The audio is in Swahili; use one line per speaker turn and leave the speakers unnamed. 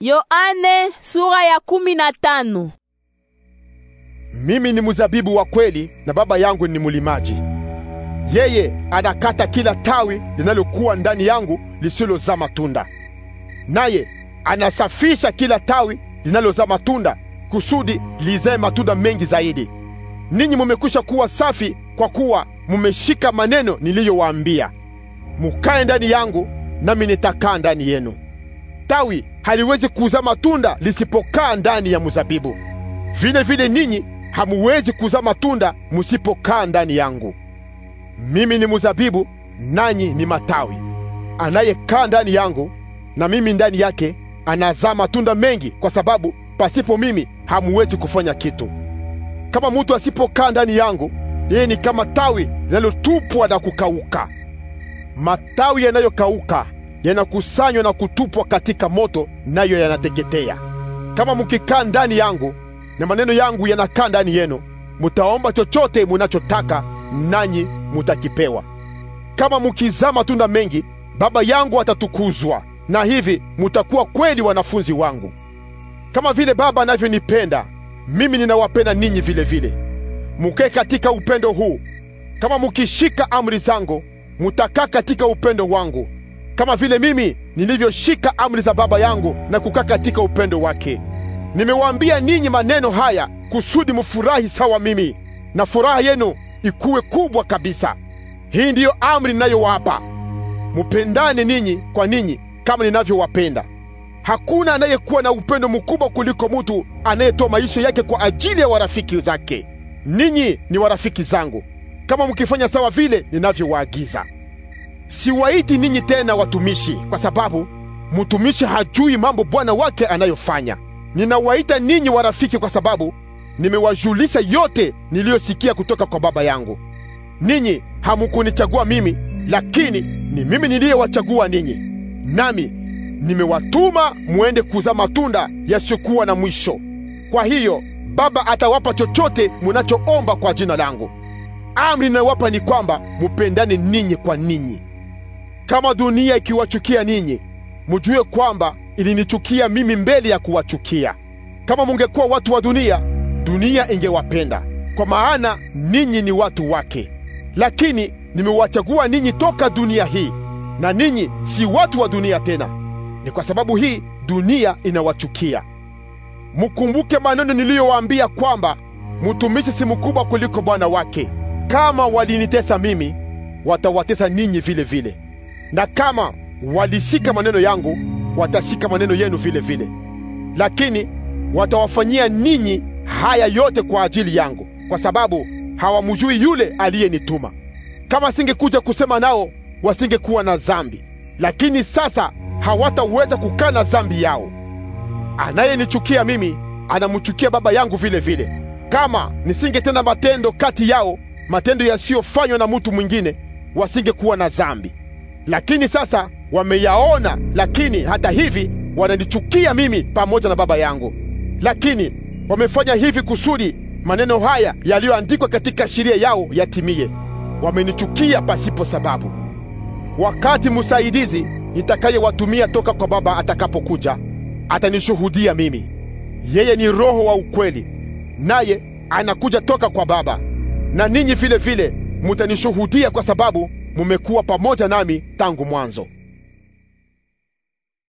Yoane sura ya kumi na tano. Mimi ni mzabibu wa kweli na Baba yangu ni mulimaji. Yeye anakata kila tawi linalokuwa ndani yangu lisilozaa matunda, naye anasafisha kila tawi linalozaa matunda kusudi lizae matunda mengi zaidi. Ninyi mumekwisha kuwa safi kwa kuwa mumeshika maneno niliyowaambia. Mukae ndani yangu nami nitakaa ndani yenu. Tawi haliwezi kuzaa matunda lisipokaa ndani ya mzabibu. Vile vile ninyi hamuwezi kuzaa matunda musipokaa ndani yangu. Mimi ni mzabibu, nanyi ni matawi. Anayekaa ndani yangu na mimi ndani yake anazaa matunda mengi, kwa sababu pasipo mimi hamuwezi kufanya kitu. Kama mutu asipokaa ndani yangu, yeye ni kama tawi linalotupwa na kukauka. Matawi yanayokauka yanakusanywa na kutupwa katika moto, nayo yanateketea. Kama mukikaa ndani yangu na maneno yangu yanakaa ndani yenu, mutaomba chochote munachotaka nanyi mutakipewa. Kama mukizaa matunda mengi, Baba yangu atatukuzwa, na hivi mutakuwa kweli wanafunzi wangu. Kama vile Baba anavyonipenda mimi, ninawapenda ninyi vile vile. Mukae katika upendo huu. Kama mukishika amri zangu, mutakaa katika upendo wangu, kama vile mimi nilivyoshika amri za Baba yangu na kukaa katika upendo wake. Nimewaambia ninyi maneno haya kusudi mufurahi sawa mimi, na furaha yenu ikuwe kubwa kabisa. Hii ndiyo amri ninayowapa, mupendane ninyi kwa ninyi kama ninavyowapenda. Hakuna anayekuwa na upendo mkubwa kuliko mutu anayetoa maisha yake kwa ajili ya warafiki zake. Ninyi ni warafiki zangu kama mkifanya sawa vile ninavyowaagiza siwaiti ninyi tena watumishi, kwa sababu mtumishi hajui mambo bwana wake anayofanya. Ninawaita ninyi warafiki, kwa sababu nimewajulisha yote niliyosikia kutoka kwa Baba yangu. Ninyi hamukunichagua mimi, lakini ni mimi niliyewachagua ninyi, nami nimewatuma muende kuzaa matunda yasiyokuwa na mwisho. Kwa hiyo Baba atawapa chochote munachoomba kwa jina langu. Amri ninayowapa ni kwamba mupendane ninyi kwa ninyi. Kama dunia ikiwachukia ninyi, mjue kwamba ilinichukia mimi mbele ya kuwachukia. Kama mungekuwa watu wa dunia, dunia ingewapenda, kwa maana ninyi ni watu wake. Lakini nimewachagua ninyi toka dunia hii, na ninyi si watu wa dunia tena. Ni kwa sababu hii dunia inawachukia. Mkumbuke maneno niliyowaambia kwamba mtumishi si mkubwa kuliko bwana wake. Kama walinitesa mimi, watawatesa ninyi vile vile na kama walishika maneno yangu watashika maneno yenu vile vile, lakini watawafanyia ninyi haya yote kwa ajili yangu, kwa sababu hawamjui yule aliyenituma. Kama singekuja kusema nao, wasingekuwa na dhambi, lakini sasa hawataweza kukaa na dhambi yao. Anayenichukia mimi anamchukia Baba yangu vile vile. Kama nisingetenda matendo kati yao, matendo yasiyofanywa na mtu mwingine, wasingekuwa na dhambi lakini sasa wameyaona, lakini hata hivi wananichukia mimi pamoja na Baba yangu. Lakini wamefanya hivi kusudi maneno haya yaliyoandikwa katika sheria yao yatimie, wamenichukia pasipo sababu. Wakati msaidizi nitakayewatumia toka kwa Baba atakapokuja, atanishuhudia mimi. Yeye ni Roho wa ukweli, naye anakuja toka kwa Baba, na ninyi vile vile mutanishuhudia kwa sababu mumekuwa pamoja nami tangu mwanzo.